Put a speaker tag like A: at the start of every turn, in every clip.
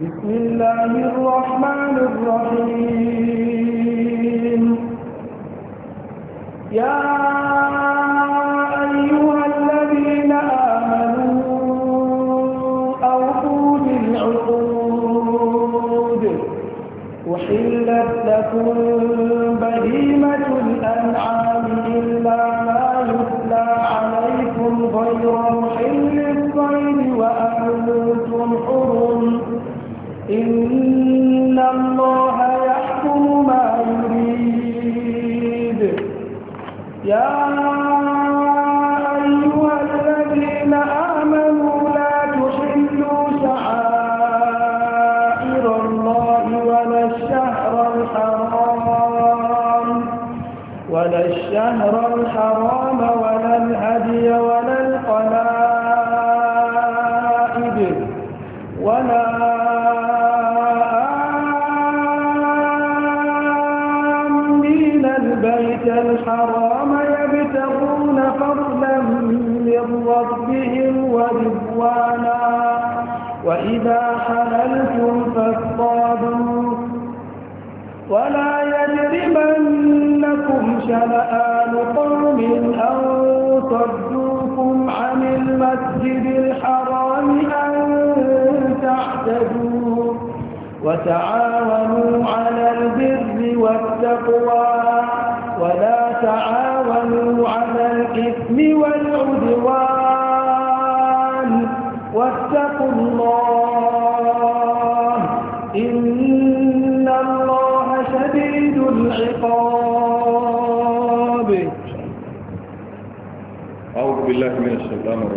A: بسم الله الرحمن الرحيم يا أيها الذين آمنوا أوفوا
B: بالعقود
A: أحلت لكم بهيمة الأنعام إلا ما يتلى عليكم غير محل إن الله يحكم ما يريد يا شنآن قوم أن صدوكم عن المسجد الحرام أن تعتدوا وتعاونوا على البر والتقوى ولا تعاونوا على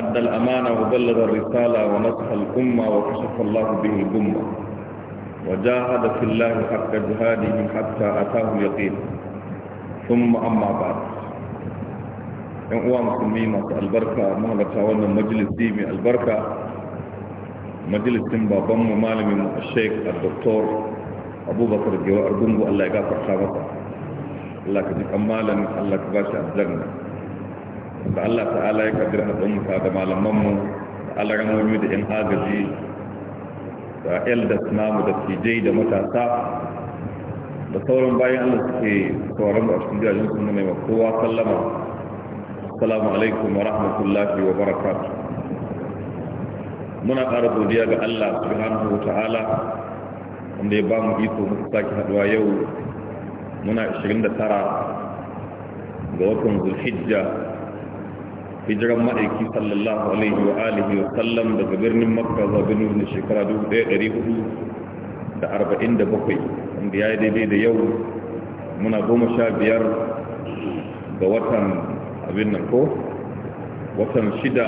C: أدى الأمانة وبلغ الرسالة ونصح الأمة وكشف الله به الأمة وجاهد في الله حق جهاده حتى أتاه اليقين ثم أما بعد إن هو مسلمين البركة ما بتعاون مجلس ديمي البركة مجلس ديمي بابام مالي من الشيخ الدكتور أبو بكر جوار دنبو الله يقاطر شابطة الله كذلك أمالا الله كباشا أبدلنا da Allah ta'ala ya kaddar haɗinka da malamanmu da alaramomi da 'yan agaji da eldas namu da tijai da matasa da sauran bayan Allah suke sauran a cikin gidajen sun mai kowa sallama assalamu alaikum wa rahmatullahi wa barakatuh muna ƙara godiya ga Allah subhanahu wa ta'ala wanda ya ba mu iko muka sake haduwa yau muna 29 ga watan zulhijja hijiran ma'aiki sallallahu alaihi wa alihi wa sallam daga birnin makka zuwa birnin na shekara 1447 wanda ya yi daidai da yau muna goma sha biyar ga watan abin nan ko watan shida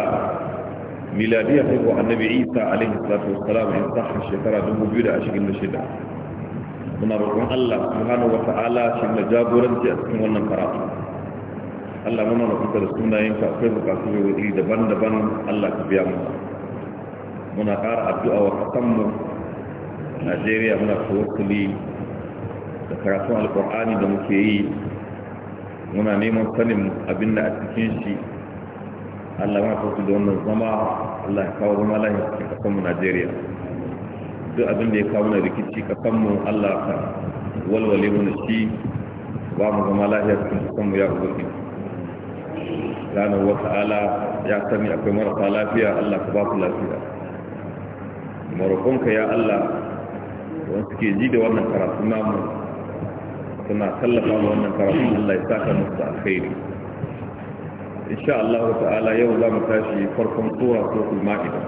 C: miladiya ta ko annabi isa alaihi salatu wassalam in sahha shekara 2026 muna roƙon Allah subhanahu wa ta'ala shi na jagoranci a cikin wannan karatu Allah mana rubuta da sunayen ka akwai bukatu da wuri daban-daban Allah ka biya mu muna ƙara addu'a wa kasanmu Najeriya muna tawakkali da karatun alƙur'ani da muke yi muna neman sanin abin da a cikin shi Allah ma kawo da wannan zama Allah ya kawo zama lahi a cikin kasanmu Najeriya duk abin da ya kawo na rikici kasanmu Allah ka walwale mana shi ba mu zama lahi a cikin kasanmu ya ubangiji subhanahu wa ta'ala ya sani akwai marasa lafiya Allah ka ba su lafiya marokonka ya Allah wanda suke ji da wannan karatu namu suna tallafa wa wannan karatu Allah ya saka musu alkhairi insha Allah ta'ala yau za mu tashi farkon sura suratul ma'ida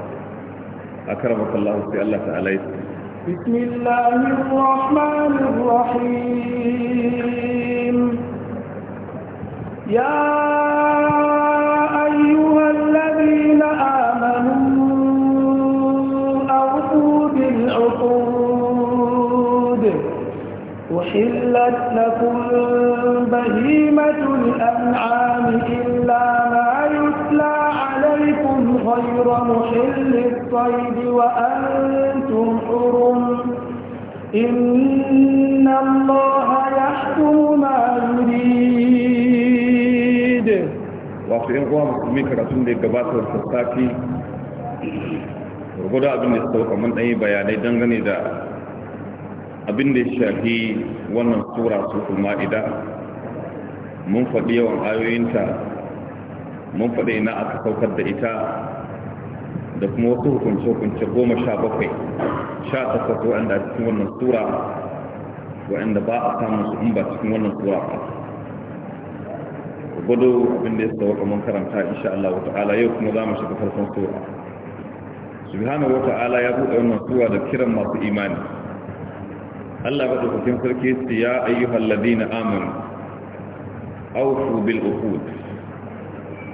C: akramaka Allah sai Allah ta'ala ya
A: بسم الله الرحمن الرحيم يا أحلت لكم بهيمة الأنعام إلا ما يتلى عليكم غير محل الطيب وأنتم حرم إن الله يحكم ما
C: يريد وأخيرا منك رسول الله قبات والسلطاكي ربنا أبن السلطة من أي بيانة دنغني ذا abin da ya shafi wannan sura su ma'ida mun faɗi yawan ayoyinta mun faɗi ina aka saukar da ita da kuma wasu hukunce-hukunce goma sha bakwai sha takwas waɗanda a cikin wannan sura waɗanda ba a samun su in ba cikin wannan sura ba gwado abin da ya sauka mun karanta insha Allah wa ta'ala yau kuma za mu shiga farkon sura subhanahu wa ta'ala ya buɗe wannan sura da kiran masu imani Allah ba da kusin sarki su ya ayyuhal ladina amanu awfu bil uqud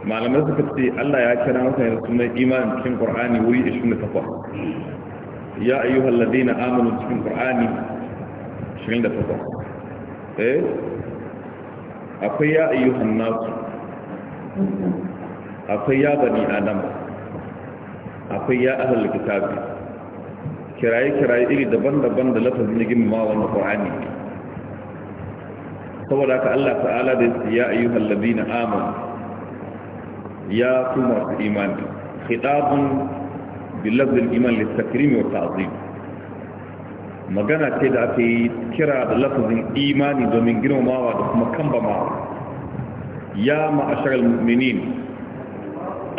C: malamai suka ce Allah ya kira mutane su sunan imanin cikin Qur'ani wuri 28 ya ayyuhal ladina amanu cikin Qur'ani 28 eh akwai ya ayyuhan nasu akwai ya bani adam akwai ya ahlul kitabi kiraye-kiraye iri daban-daban da lafazin ya girmama wannan ƙwa'ani saboda haka Allah ta'ala da ya ayyu hallabi na amon ya su masu imani khidabun bilabdin iman littakrimi wata ta'azim magana ce da aka yi kira da lafazin imani domin girmamawa da kuma kamba kambamawa ya ma'ashar al-mu'minin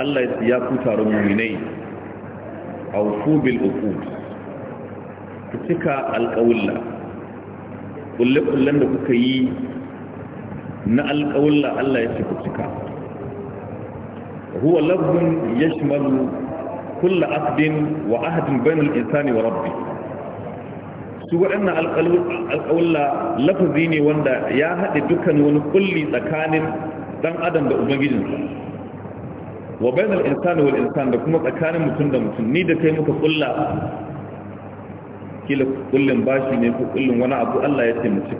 C: Allah ya fi ku taron a wufu bil uqud ku cika alƙawulla ƙulle-ƙullen da kuka yi na alƙawulla Allah ya ce ku cika huwa lafzun ya shimalu kulla asdin wa ahadin bainul insani wa rabbi su waɗannan alƙawulla lafazi ne wanda ya haɗe dukkan wani kulli tsakanin ɗan adam da ubangijinsa wa bainul insani wal insan da kuma tsakanin mutum da mutum ni da kai muka kulla kila kullum bashi ne ko kullum wani abu Allah ya taimaki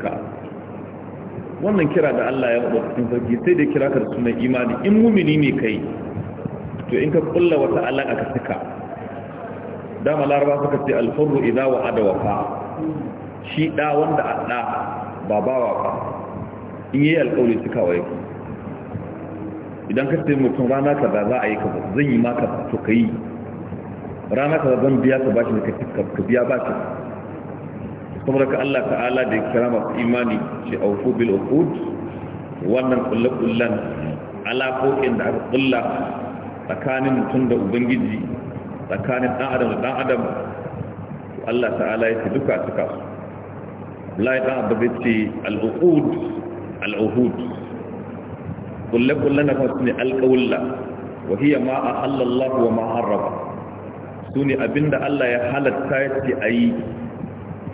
C: wannan kira da Allah ya faɗa cikin sarki sai dai kira ka da sunan imani in mumini ne kai to in ka kulla wata alaka ka saka dama laraba suka ce alhurru idza adawa fa, shi da wanda adda ba bawa ba in yi alƙawari suka waye idan ka ce mutum rana kaza za a yi kaza zan yi maka to kai rana kaza zan biya ka bashi ka biya bashi saboda ka Allah ta'ala da kira masu imani shi auku bil uqud wannan kullakullan alaƙoƙin da aka kulla tsakanin mutum da ubangiji tsakanin ɗan adam da ɗan adam Allah ta'ala ya ce duka a cika su Abdullahi ɗan abu zai ce al'uqud al'uhud kullakullan na kuma su ne alƙawulla wa hiya ma a Allah wa ma harraba su ne abinda Allah ya halatta ya ce a yi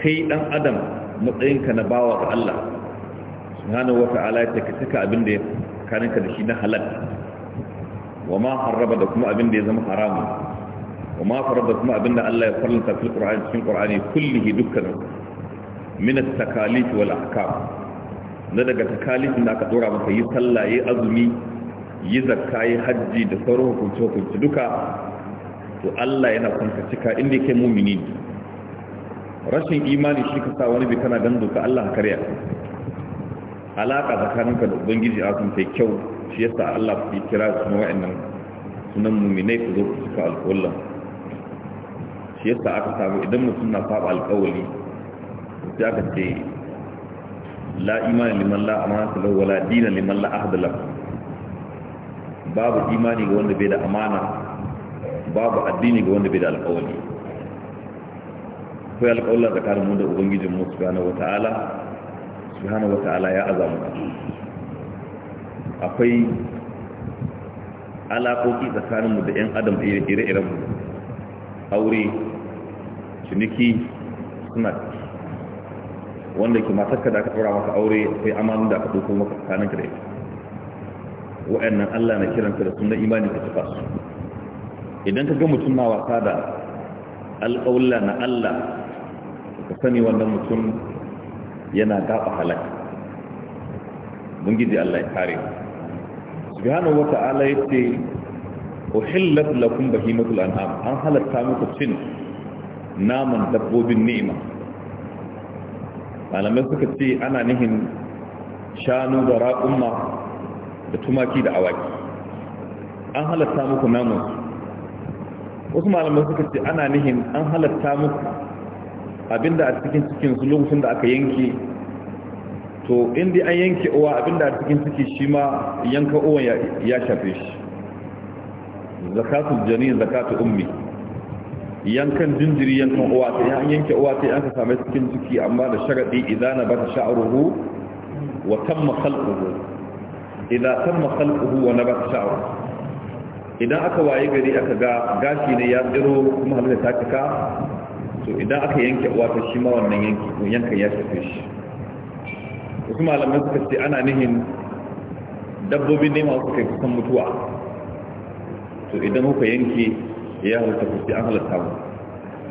C: kai dan adam matsayinka na bawa ga Allah subhanahu wata'ala ya take take abin da ya kaninka da shi na halal wa ma harraba da kuma abin da ya zama haramun wa ma faraba kuma abin da Allah ya farlanta fil qur'ani cikin qur'ani kullihi dukkanin min at-takalif wal ahkam na daga takalifin da aka dora maka yi sallah yi azumi yi zakka yi hajji da sauran hukunce hukunce duka to Allah yana kunta cika inda yake mumini ne rashin imani shi ka sa wani bi kana dan doka Allah karya alaka tsakaninka da ubangiji a sun sai kyau shi yasa Allah ya kira su wa'annan sunan mu'minai ku zo ku cika alƙawlan shi yasa aka samu idan mutum na faɓa alƙawali sai aka ce la imani liman la amana lahu wala dina liman la ahda lahu babu imani ga wanda bai da amana babu addini ga wanda bai da alƙawali akwai alƙawla tsakanin mu da ubangijin mu subhanahu wata'ala subhanahu wata'ala ya azamu akwai alaƙoƙi tsakanin mu da ƴan adam ire-iren aure ciniki suna wanda ke ka da aka ɗora maka aure akwai amalin da aka ɗauko maka tsakaninka da ita wa'annan Allah na kiranta da sunan imani ka tafa su idan ka ga mutum na wasa da alƙawla na Allah sani wannan mutum yana gaba halaka bungiji Allah ya kare subhanahu wa ta'ala yace uhillat lakum bahimatul an'am an halatta muku cin naman dabbobin ni'ima malamai suka ce ana nihin shanu da raƙumma da tumaki da awaki an halatta muku naman wasu malamai suka ce ana nihin an halatta muku abinda a cikin cikin su lokacin da aka yanke to inda an yanke uwa abinda a cikin ciki shi ma yanka uwan ya shafe shi zakatul janin zakatul ummi yankan jinjiri yankan uwa ta yan yanke uwa ta yanka same cikin ciki amma da sharadi idan ba ta sha'ruhu wa tamma khalquhu idan tamma khalquhu wa nabata sha'ruhu idan aka waye gari aka ga gashi ne ya tsiro kuma halitta ta to idan aka yanke wato shi ma wannan yanki yankan ya shafe shi wasu malamai suka ce ana nihin dabbobi ne masu kai kusan mutuwa to idan kuka yanke ya halatta ku sai an halatta mu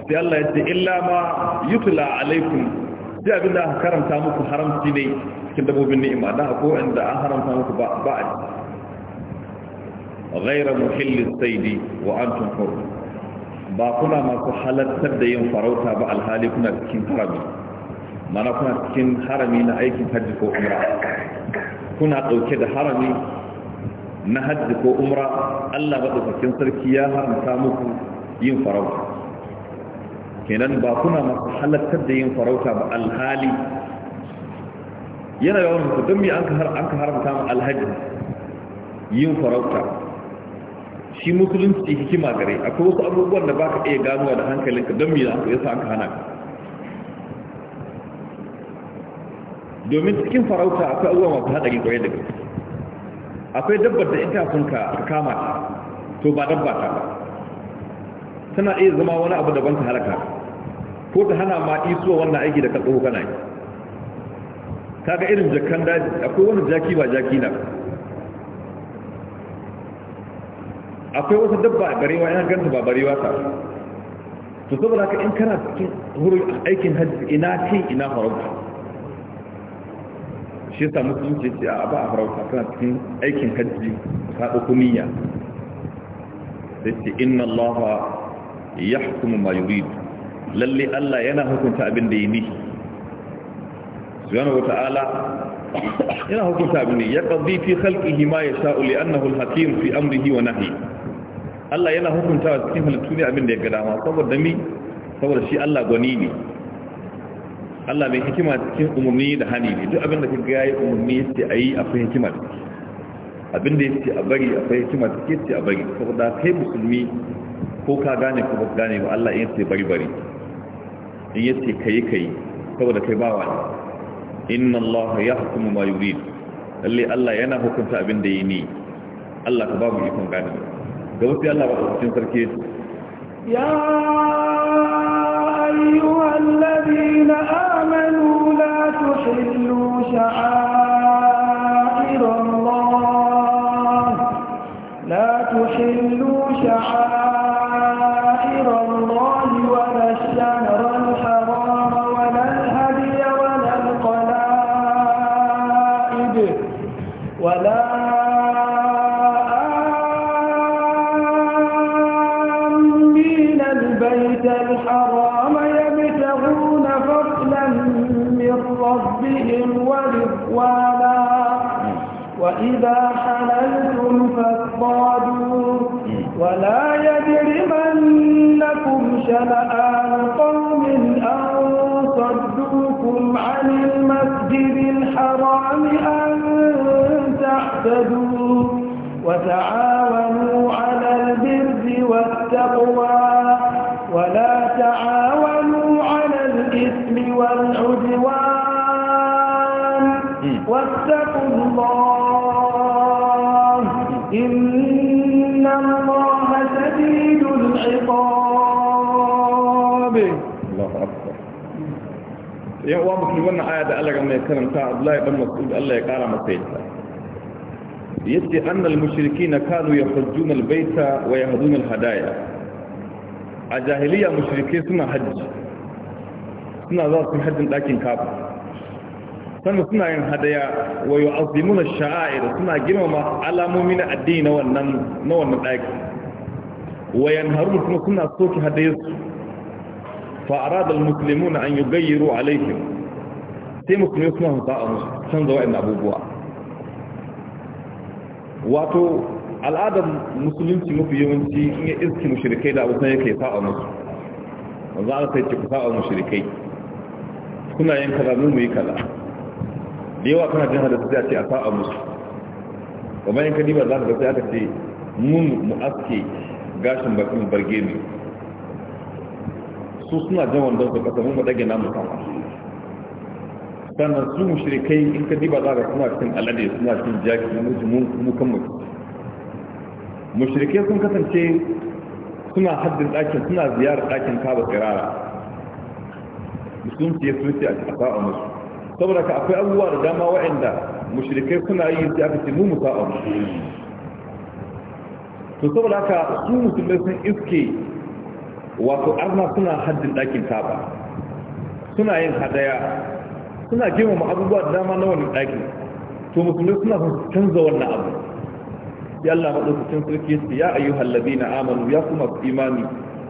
C: sai Allah ya ce illa ma yutla alaikum sai abin da aka karanta muku haramci ne cikin dabbobin ni'ima da ko inda an haramta muku ba ba a غير محل الصيد وانتم حرم ba kuna masu halartar da yin farauta ba alhali kuna cikin harami mana kuna cikin harami na aikin hajji ko umra kuna ɗauke da harami na hajji ko umra Allah maɗaukakin sarki ya haramta muku yin farauta kenan ba kuna masu halartar da yin farauta ba alhali yana yawan mutu don me an ka haramta mu alhaji yin farauta shi musulunci hikima gare akwai wasu abubuwan da baka iya ganuwa da hankalinka don me yasa aka hana ka domin cikin farauta akwai abubuwa masu haɗari kwaye da gaske akwai dabbar da ita sun ka kama to ba dabba ta ba tana iya zama wani abu daban ta halaka ko ta hana ma isuwa wannan aiki da ka tsoho kana yi ga irin jakan daji akwai wani jaki ba jaki na akwai wata dabba a barewa ina ganta ba barewa ta to saboda ka in kana cikin wurin aikin hajji ina ce ina farauta shi yasa musulunci ce a ba a farauta kana cikin aikin hajji ka ɗauko niyya da ce inna Allah ya hukumu ma yurid lalle Allah yana hukunta abin da ya nihi subhanahu wata'ala yana hukunta abin da ya qaddi fi khalqihi ma yasha'u li annahu al-hakim fi amrihi wa nahyihi Allah yana wa cikin halittu ne abin da ya ga dama saboda mi saboda shi Allah gwani ne Allah mai hikima cikin umarni da hani ne duk abin da ka ga yayi umarni a yi akwai hikima da abinda ya ce a bari akwai hikima take yace a bari saboda kai musulmi ko ka gane ko ba gane ba Allah ce bari bari in ya ce kai kai saboda kai bawa ne inna Allah hukuma ma yurid lalle Allah yana hukunta abinda da yi ne Allah ka babu ikon gane ga wasu Allah ba cikin sarki
A: ya ayyuhal ladina amanu la tuhillu sha'air Allah la tuhillu sha'air
C: Allahu akbar yan wannan aya da Allah mai karanta Abdullahi dan Mas'ud Allah ya kara masa yadda yace annal mushrikina kanu yahujjuna albayta wa yahduna alhadaya a jahiliya mushrike suna hajji suna za su hajjin dakin kafa sannan suna yin hadaya wa yu'azzimuna sha'air suna girmama alamomi na addini na wannan na wannan wa suna soke hadayarsu فأراد المسلمون أن يغيروا عليهم sai musulmi suna hutawa musu canza wa'in abubuwa wato al'adar musulunci mafi yawanci in ya iski mushrikai da abusan yake sa'a musu wanzu ana sai ce ku sa'a mushrikai kuna yin kaza mu yi kaza da yawa kana jin hadasa sai a ce a musu za ka ga aka ce mun mu aske gashin bakin barge su suna jan wandon su kasa mun dage namu kama sannan su mushrikai in ka diba za ka suna cikin alade suna cikin jaki namiji mu kan mutu mushrikai sun kasance suna haddin ɗakin suna ziyarar ɗakin kaba tsirara musulunci sun ce a sa'a musu saboda ka akwai abubuwa da dama waɗanda mushrikai suna yi sai aka ce mu mu sa'a musu to saboda haka su musulmai sun iske wato arna suna haddin ɗakin kaba suna yin hadaya suna girmama abubuwa da dama na wani ɗakin to musulmi suna son canza wannan abu ya Allah maɗaukacin sarki su ya ayyu hallabi na amanu ya kuma su imani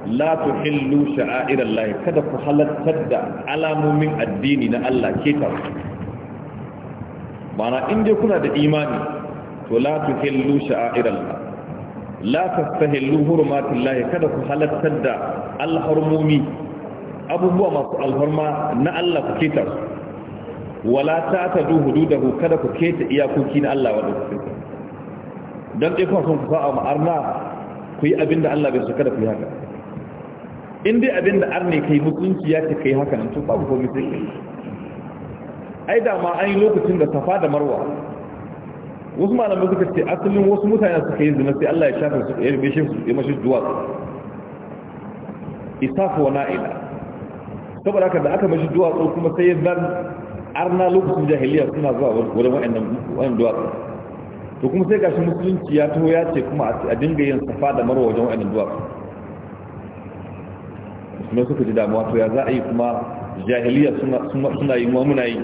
C: la tu hillu sha'a'ir Allah kada ku halartar da alamomin addini na Allah ke ta mana in dai kuna da imani to la tu hillu sha'a'ir Allah la tastahillu hurmatillahi kada ku halattar da alharmomi abubuwa masu alharma na Allah ku keta wala ta ta du hududahu kada ku keta iyakoki na Allah wa dukkan dan dai sun ku fa'a ma'arna ku yi abinda Allah bai so kada ku yi haka in dai abinda arne kai mutunci ya ce kai haka nan to babu komai sai kai ai da ma an yi lokacin da safa da marwa wasu malamai suka ce asalin wasu mutane suka yi zina sai Allah ya shafa su ya rufe shi su ya mashi duwatsu isafu wa na'ila saboda haka da aka mashi duwatsu kuma sai ya zan arna lokacin jahiliya suna zuwa wurin wa'annan wa'annan duwatsu to kuma sai gashi musulunci ya taho ya ce kuma a dinga yin safa da marwa wajen wa'annan duwatsu musulmai suka ji damuwa to ya za a yi kuma jahiliya suna yi ma muna yi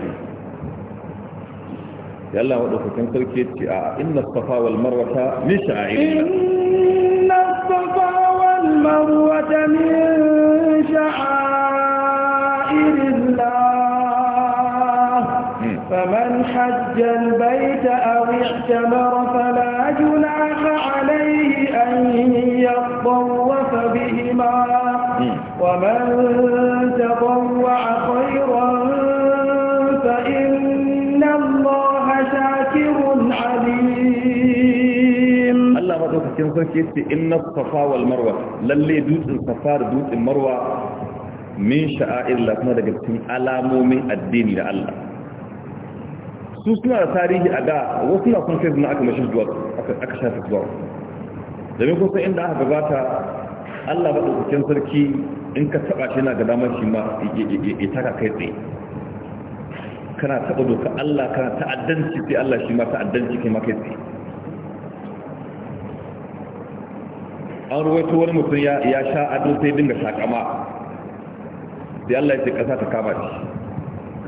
C: يلا وضو فكان سركي تي ان الصفا والمروه لشعائر
A: ان الصفا والمروه من شعائر الله فمن حج البيت او اعتمر فلا جناح عليه ان يطوف بهما ومن تطوع
C: madaukakin sarki yace inna safa wal marwa lalle dutsen safa da dutsen marwa min sha'airillah kuma daga cikin alamomin addini da Allah su suna da tarihi a ga wasu na kun sai aka mashi zuwa aka shafi zuwa domin kusa inda aka gabata Allah cikin sarki in ka taba shi yana ga damar shi ma ya taka kai tsaye kana taba doka Allah kana ta'addanci sai Allah shi ma ta'addanci kai ma kai tsaye an ruwaito wani mutum ya sha ado sai dinga shakama da Allah ya ce kasa ta kama shi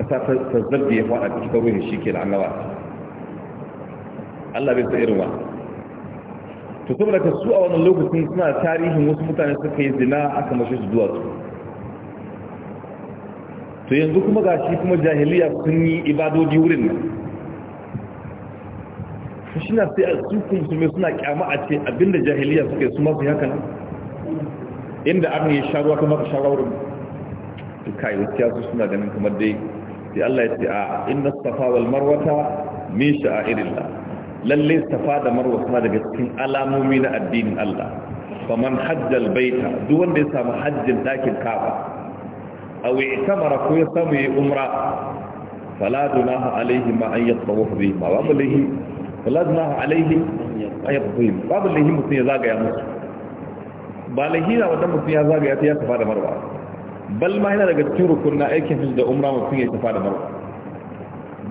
C: kasa ta zarge ya fada cikin ruhin shi ke da an Allah bai sa irin wa to saboda ka su a wannan lokacin suna tarihin wasu mutane suka yi zina aka mashi su zuwa su to yanzu kuma gashi kuma jahiliya sun yi ibadoji wurin nan to shi na sai a sufin su mai suna kyama a ce abinda jahiliya suke su masu haka nan inda ya yi sharuwa kuma ka sharuwa wurin to kai wasu su suna ganin kamar dai sai Allah ya ce a inna safa wal marwata min sha'airillah lalle safa da marwa suna daga cikin alamomi na addinin Allah faman hajjal baita duk wanda ya samu hajjin dakin kafa aw i'tamara ko ya samu ya umra fala dunaha ma an yatawafu bihi ma wa balazna alaihim ayyabin babu laihim mutum ya zagaya musu ba na wata mutum ya zagaya ta ya tafa da marwa bal ma yana daga cikin na aikin hajji da umra mutum ya tafa da marwa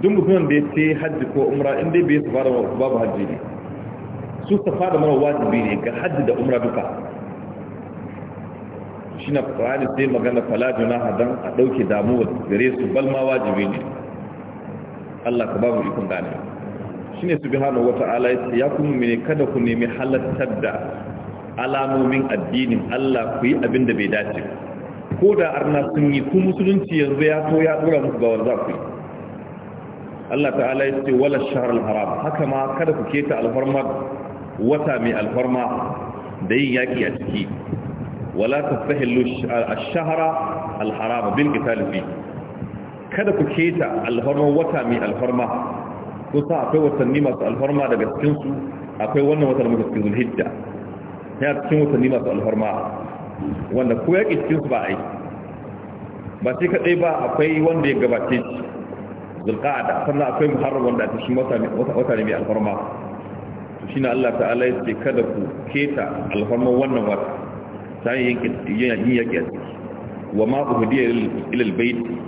C: duk mutumin da ya ce hajji ko umra in dai bai tafa da marwa babu hajji ne su tafa da marwa wajibi ne ga hajji da umra duka shi na ƙwari sai magana falajuna hadan a ɗauke damuwa gare su bal ma wajibi ne Allah ka ba mu ikon ganewa shine subhanahu wata'ala yace ya kuma mene kada ku nemi halattar da alamomin addinin Allah ku yi abin da bai dace ko da arna sun yi ku musulunci yanzu ya to ya dora muku ga wanda ku Allah ta'ala ya yace wala shahr al-haram haka ma kada ku keta alfarma wata mai alfarma da yin yaki a ciki wala tastahillu ash-shahra al-haram bil qital fi kada ku keta alfarma wata mai alfarma ko sa akwai watanni masu alfarma daga cikinsu akwai wannan watan masu cikin zulhijja ya cikin watanni masu alfarma wanda ko yaƙi cikinsu ba a yi ba shi kaɗai ba akwai wanda ya gabace shi zulƙa'ada sannan akwai muharram wanda a cikin wata ne mai alfarma to shi na allah ta'ala ya ce kada ku keta alfarman wannan wata ta yin yaƙi a ciki wa ma ku uhudiyar ilal baiti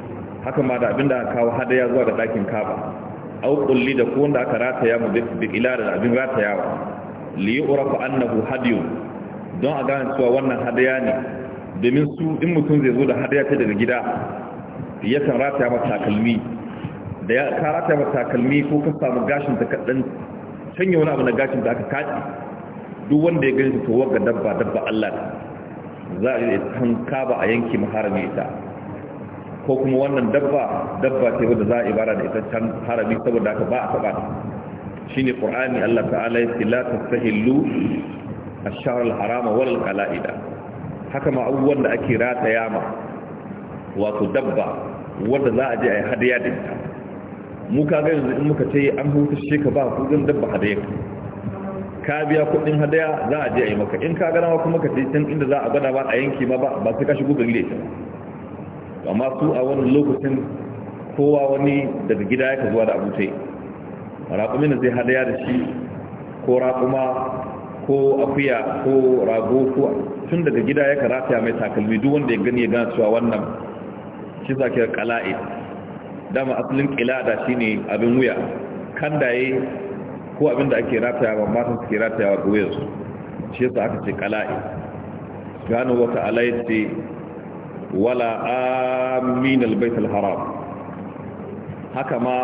C: haka ma da abinda aka kawo hadaya zuwa ga ɗakin kaba aw kulli da ko da aka rataya mu bi ilal abin ratayawa li fa annahu hadiy don a gane cewa wannan hadiya ne domin su in mutum zai zo da hadiya ta daga gida rata rataya mata kalmi da ya ka rataya mata kalmi ko ka samu gashin ta kadan canye wani abu na gashin da aka kaci? duk wanda ya gani ta towar ga dabba dabba Allah za a yi ta kaba a yanki maharami ita ko kuma wannan dabba dabba ce wadda za a ibara da ita can harami saboda haka ba a Shi ne qur'ani Allah ta'ala ya ce la tastahillu ash-shahr al-harama wal qala'ida haka ma abubuwan da ake rataya ma wato dabba wadda za a je a yi hadaya da ita mu ka ga yanzu in muka ce an huta shi ka ba gan dabba hadaya ka biya kudin hadaya za a je a yi maka in ka gana kuma ka ce can inda za a gwada ba a yanki ma ba ba sai ka shigo gari da ita amma su a wani lokacin kowa wani daga gida ya zuwa da abu raƙumi na zai hadaya da shi ko raƙuma ko akuya ko rago ko tun daga gida ya karata mai takalmi duk wanda ya gani ya gana cewa wannan shi za kala'i dama asalin ƙilada shi ne abin wuya kan da ya ko abin da ake ratayawa matan suke wa ga wuyarsu shi yasa aka ce kala'i gano wata alayyar ce wala aminal albayt haram haka ma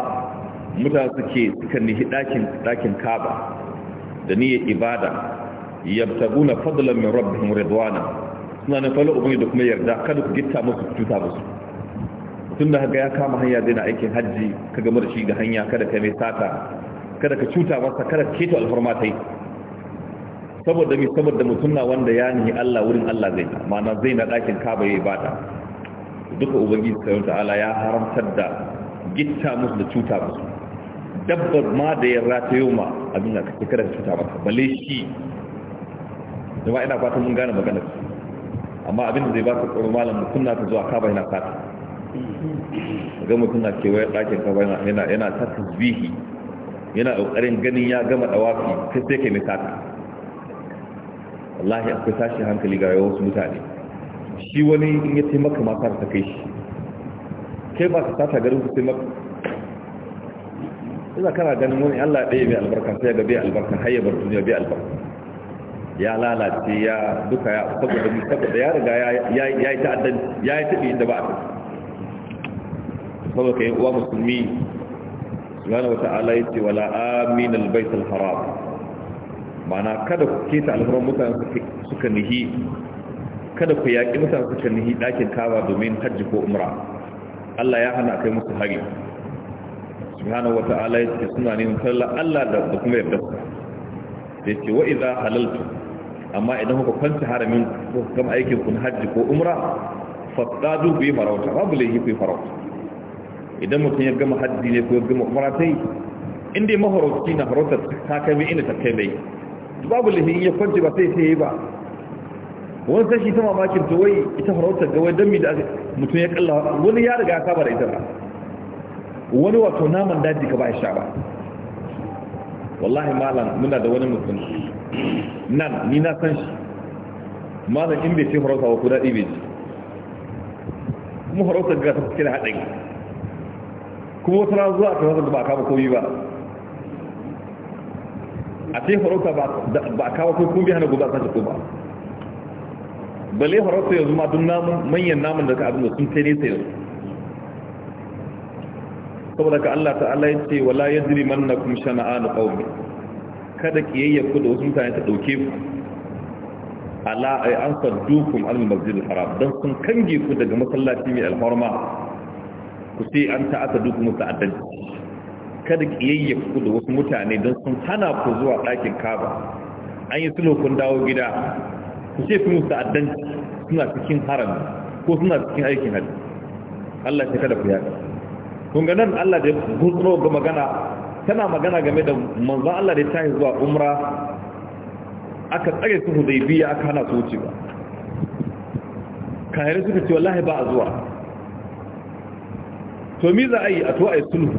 C: mutane suke suka nihi dakin dakin kaba da niyyar ibada yabtaguna fadlan min rabbihim ridwana suna na falo ubangi da kuma yarda kada ku gitta musu cuta musu tun da haka ya kama hanya zai na aikin hajji ka gamar shi ga hanya kada ka mai sata kada ka cuta masa kada ka keto alfarma ta yi saboda mai saboda mutum na wanda ya nihi Allah wurin Allah zai mana zai na ɗakin kaba ya bata, duka ubangiji sayon ta'ala ya haramtar da gitta musu da cuta musu dabbar ma da ya rata yau ma abin da kake kada cuta ba balle shi ma ina fatan mun gane magana amma abin da zai ba ka tsoro malam mutum na ta zuwa kaba yana fata ga mutum na kewaye ɗakin kaba yana yana ta tasbihi yana ƙoƙarin ganin ya gama dawafi sai sai kai mai sata wallahi akwai tashi hankali ga wasu mutane shi wani in ya taimaka matar ta kai shi kai ba ka tata garin ku taimaka ina kana ganin wani Allah ɗaya bai albarka sai ga bai albarka har ya bar duniya bai albarka ya lalace ya duka ya saboda mu saboda ya riga ya yi ta'addan ya yi taɓi inda ba saboda kai uwa musulmi subhanahu wa ta'ala yace wala aminal baitul al-haram mana kada ku keta alhuran mutane suka nihi kada ku yaƙi mutane suka nihi ɗakin kawa domin hajji ko umra Allah ya hana kai musu hari subhanahu ta'ala ya ce suna neman kalla Allah da kuma yadda su da ce wa a halaltu amma idan kuka kwanci haramin ku kama aikin kun hajji ko umra fasadu bi farauta babu laifi ku farauta idan mutum ya gama hajji ne ko ya gama umra sai inda maharauci na farautar ta kai mai inda ta kai mai babu lahin ya kwanci ba sai sai ba wani sashi ta mamakin ta wai ita farautar ga wai don mi da mutum ya kalla wani ya riga ya saba da ita ba wani wato naman daji ka ba ya sha ba wallahi malam muna da wani mutum nan ni na san shi malam in bai ce farauta wa kudaɗi bai ji kuma farautar ga ta cikin haɗari kuma wata rana zuwa ta wata da ba kama komi ba a sai farauta ba a kawo kai kun bi hana gobe a sace ko ba balle farauta yanzu ma dun namun manyan namun da ka abin da sun kai nesa yanzu saboda ka Allah ta'ala ya ce wala yajri mannakum shana'anu qaumi kada kiyayya ku da wasu mutane ta dauke ku ala ay an saddukum al masjid al haram dan sun kange ku daga masallaci mai alhorma ku sai an ta'ata duk muta'addanci kada kiyayya ku da wasu mutane don sun hana ku zuwa ɗakin kaba an yi sulo kun dawo gida ku ce kun musu addanci suna cikin haram ko suna cikin aikin hajji Allah ya kada ku yaka kun ga nan Allah da ya gutsuro ga magana tana magana game da manzo Allah da ya tashi zuwa umra aka tsare su da biya aka hana su wuce ba kahirai suka ce wallahi ba a zuwa to mi za a yi a to a yi sulhu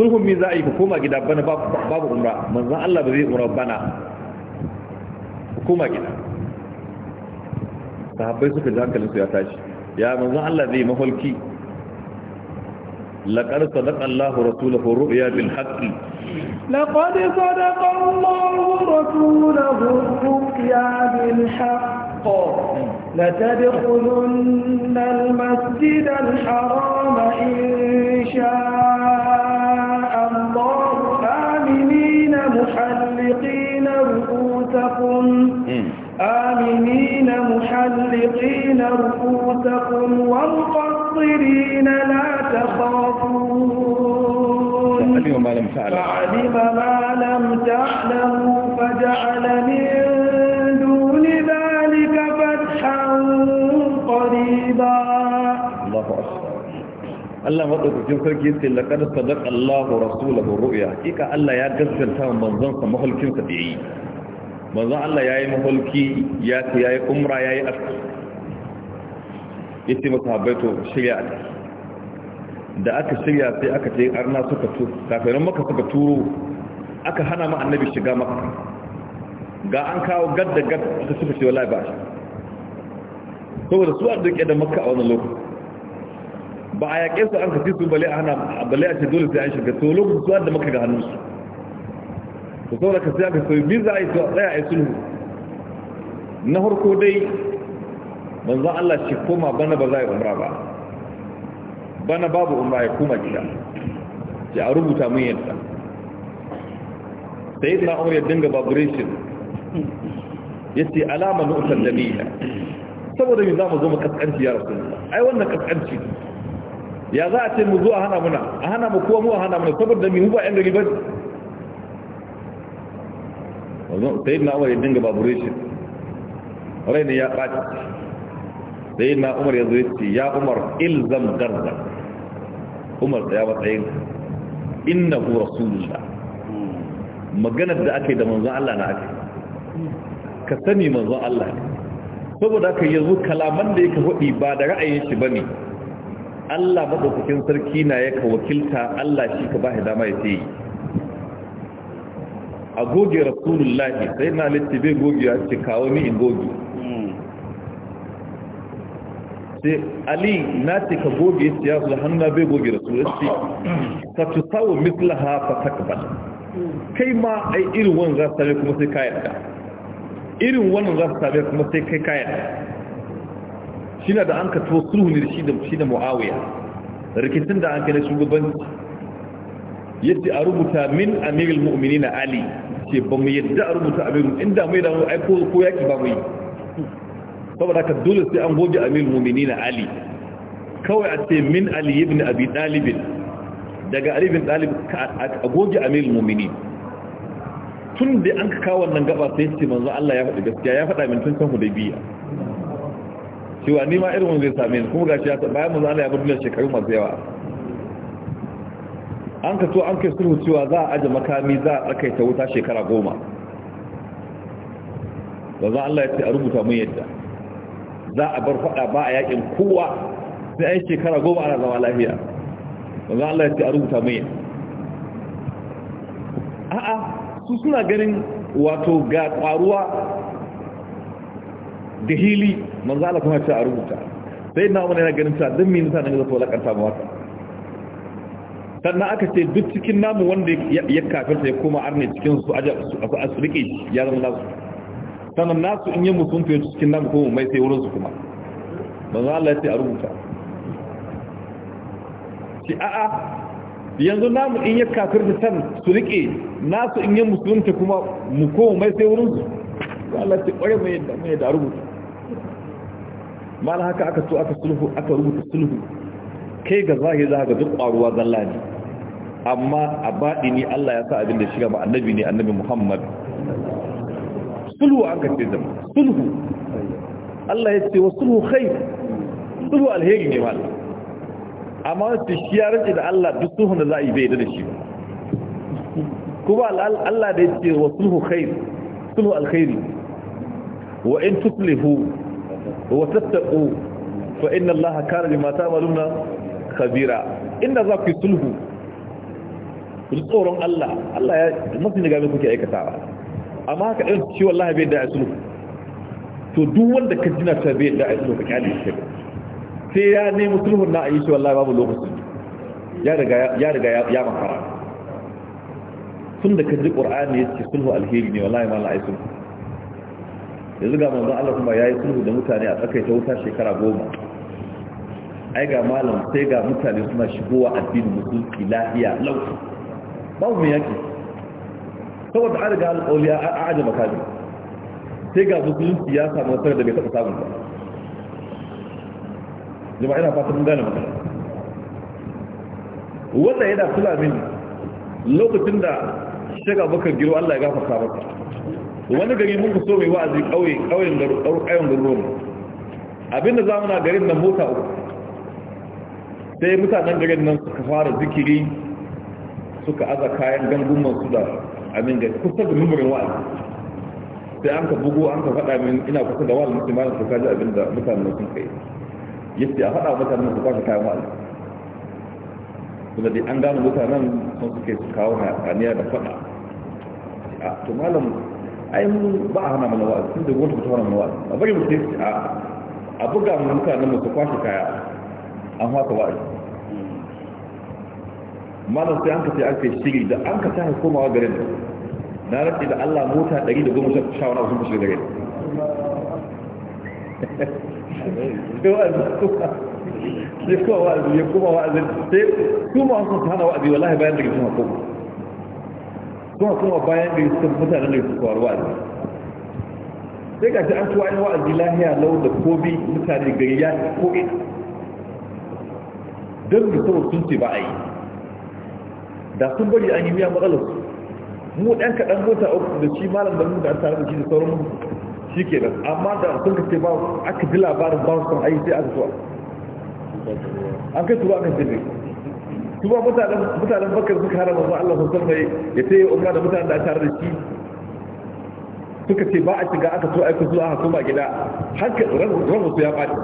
C: sulhun mi za a yi ku koma gida bana babu umra manzan Allah ba zai umra bana ku koma gida sahabbai suka ji hankalinsu ya tashi ya manzan Allah zai maholki لقد صدق الله رسوله الرؤيا بالحق
A: لقد صدق الله رسوله الرؤيا بالحق لتدخلن المسجد الحرام إن شاء محلقين رؤوسكم آمنين محلقين رؤوسكم ومقصرين لا تخافون فعلم ما لم
C: فعلم
A: ما لم تعلموا فجعل من دون ذلك فتحا قريبا
C: Allah madaukakin sarki yace laqad sadaqa Allahu rasulahu ru'ya kika Allah ya gaskanta manzon sa mahulkin sa ya yi. manzon Allah yayi mahulki ya ce yayi umra yayi aski yace masahabai to shirya da aka shirya sai aka ce arna suka tu kafirin maka suka turo aka hana mu annabi shiga maka ga an kawo da gad, suka ce wallahi ba shi saboda su a da makka a wannan lokacin ba a yaƙe su an kace su bale a hana bale a ce dole sai an shiga to lokacin su da maka ga hannun su to saboda ka sai aka soyi biza a yi to tsaya a yi sulhu na harko dai manzan Allah shi koma bana ba za a yi umra ba bana babu umra ya koma gida ce a rubuta mun yadda sai na umar ya dinga vibration ya ce alama na utar da niya saboda yi za mu zo mu kaskanci ya rasu ai wannan kaskanci ne ya za a ce mu zuwa hana muna a hana mu kowa mu a hana muna saboda mu ba yan gari ba sai na umar ya dinga babure shi rai ne ya ɓaci sai na umar ya zai ce ya umar ilzam garza umar ya matsayin inna hu rasulullah maganar da ake da manzon Allah na ake ka sani manzon Allah ne. saboda ka yanzu kalaman da yake hudi ba da ra'ayin shi ba ne. Allah madaukakin sarki na ya ka wakilta Allah shi ka bashi dama ya ce a goge rasulullahi sai na litti bai goge ya ce kawo ni in goge sai ali na ce ka goge ya ce ya zuwa hannu bai goge rasulullahi ta tusawo mislaha ka takbal kai ma ai irin wannan za su same kuma sai ka da irin wannan za su same kuma sai kai ka da shi da an ka to sulhu ne shi da mu'awiyar rikicin da an ka na shugabanci yadda a rubuta min amirul na ali ce ba mu yadda a rubuta amirul inda mai damu ai ko ko yaki ba mai saboda ka dole sai an goge amirul na ali kawai a ce min ali ibn abi dalibin. daga alibin dalibin a goge amirul mu'minin tun da an ka kawo wannan gaba sai ce manzo Allah ya faɗi gaskiya ya faɗa min tun san hudaybiya cewa ni ma irin wani zai same ni kuma gashi ya bayan manzo Allah ya bar duniyar shekaru masu yawa an ka so an kai sulhu cewa za a aje makami za a ta wuta shekara goma da za Allah ya ce a rubuta mun yadda za a bar fada ba a yakin kowa sai a yi shekara goma ana zama lafiya da za Allah ya ce a rubuta mun yadda a'a su suna ganin wato ga ƙaruwa. da hili manzo Allah kuma ce a rubuta sai na umar yana ganin ta dan me nisa nan zato lakanta ba wata sannan aka ce duk cikin namu wanda ya kafirta ya koma arne cikin su aja su asriki ya zama nasu sannan nasu in yi musun fiye cikin namu kuma mai sai wurin su kuma manzo Allah ya ce a rubuta shi a'a yanzu namu in ya kafirta can su rike nasu in yi ta kuma mu koma mai sai wurin su Allah ce ƙware mai da rubuta mal haka aka so aka sulhu aka rubuta sulhu kai ga zahiri za ga duk ƙwaruwa zalla ne amma a baɗi ne Allah ya sa abin da shiga ba annabi ne annabi Muhammad sulhu an ce da sulhu Allah ya ce wa sulhu khair sulhu alheri ne mal amma su shiyarar da Allah duk sulhun da za a yi bai da shi kuma Allah da ya ce wa sulhu khair sulhu alheri wa in tuflihu watattaqu fa inna allaha kana bima ta'maluna khabira inda za ku sulhu ku tsoron Allah Allah ya masu daga kuke aikatawa amma haka din shi wallahi bai da sulhu to duk wanda ka jina ta bai da sulhu ka kyale shi sai ya nemi sulhu na ayi shi wallahi babu lokaci ya riga ya makara tun da ka ji qur'ani sulhu alheri ne ma sulhu yanzu ga manzon Allah kuma yayi sulhu da mutane a tsakai ta wuta shekara goma ai ga malam sai ga mutane suna shigowa addinin musulunci lafiya lau babu mai yaki saboda an riga alƙawliya a aje makabi sai ga musulunci ya samu nasarar da bai taɓa samun ba jama'a ina fata mun gane magana wannan yana kula min lokacin da shiga bakar giro Allah ya gafarta masa wani gari mun ku so mai wa'azi kauye kauyen kauyen garuruwan abinda za mu na garin nan mota uku sai mutanen garin nan suka fara zikiri suka aza kayan gangunan su da amin da kusa da numurin wa'azi sai an ka bugo an ka faɗa min ina kusa da wa'azi musulman su kaji abin da mutanen sun kai yace a faɗa mutanen su kwashe kayan wa'azi kuma dai an gano mutanen sun suke su kawo hayaniya da faɗa a to malam ai mun ba a hana mana wa'azi tun da gwamnati ta hana mana wa'azi a bari mu sai a buga mu mutanen mu su kwashe kaya an haka wa'azi malam sai an ka sai aka shiri da an ka tashi komawa garin na rafi da Allah mota 110 shawara sun fushi garin sai kowa wa'azi ya kuma wa'azi sai kuma sun hana wa'azi wallahi bayan da gina koma kuma kuma bayan da yusuf mutane da su faru wa'azi sai ga shi an tuwa yin wa'azi lahiya lau da kobi mutane gari ya ta ko'ina don da sauran sun ce ba a yi da sun bari an yi miya matsalar su mu ɗan kaɗan mota uku da shi malam da an tare da shi da sauran mu shi ke nan amma da sun ka ce ba aka ji labarin ba su kan ayi sai aka zuwa
B: an kai
C: a aka jirgin kuma mutanen mutanen bakar suka hana manzo Allah sosai mai ya ta umma da mutanen da aka tare da shi suka ce ba a shiga aka so aika zuwa ha kuma gida hanka ran ran su ya fadi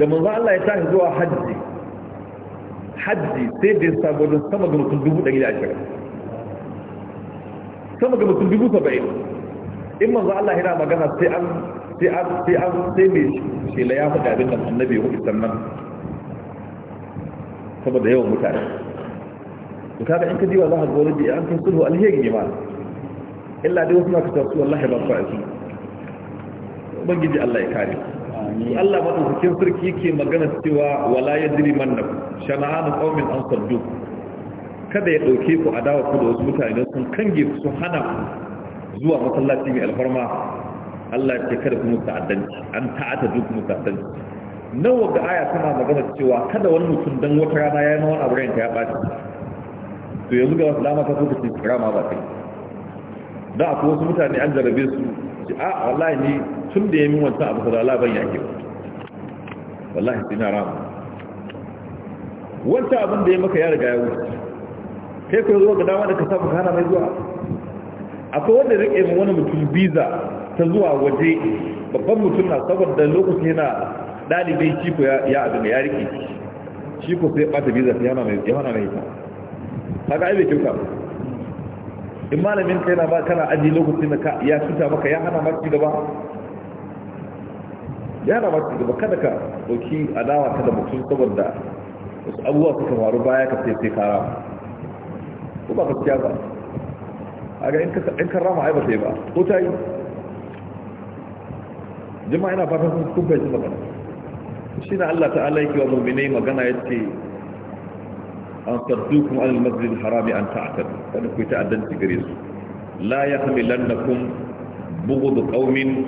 C: da manzo Allah ya tashi zuwa haji haji sai da sabon sama ga mutum dubu ɗari da ashirin sama ga mutum dubu saba'in in manzo Allah yana magana sai an sai an sai an shi mai shela ya fada abin da annabi ya hudu sannan saboda yawan mutane to kaga in ka diwa za ka gore da an kan sulhu alheri ne ma illa dai wasu na ka tasu wallahi ba su aiki ubangiji Allah ya kare Allah madaukakin sarki yake magana cewa wala yadri mannakum shana'anu qaumin an saddu kada ya dauke ku adawa ku da wasu mutane sun kange ku sun hana zuwa masallaci mai alfarma Allah ya ce kada ku musu ta'addanci an ta'ata duk musu ta'addanci nawa ga aya tana magana cewa kada wani mutum dan wata rana ya yi na wani abu ranka ya ɓaci to yanzu ga wasu dama ta kuka ce kirama ba kai da akwai wasu mutane an zarabe su ce a wallahi ni tun da ya min wancan abu da laban ya ke wallahi sai na rama wancan abin da ya maka ya riga ya wuce kai ko zuwa ga dama da ka samu kana mai zuwa akwai wanda rike mu wani mutum biza ta zuwa waje babban mutum na saboda lokaci yana dalibin shiko ya abin ya rike shiko sai ɓata biza ya yana mai yana mai ta kaga aibe kyauta in malamin ka yana ba kana aji lokacin da ya cuta maka ya hana maki gaba ya hana maki gaba kada ka dauki adawa ta da mutum saboda wasu abubuwa suka faru baya ka sai sai kara ko ba gaskiya ba a ga in ka rama aiba sai ba ko ta yi jama'a yana fatan sun kun fahimci magana shi na Allah ta'ala yake wa mu'minai magana yace an sardukum al masjid harami an ta'tad kada ku ta'addanci gare su la ya bugu da qaumin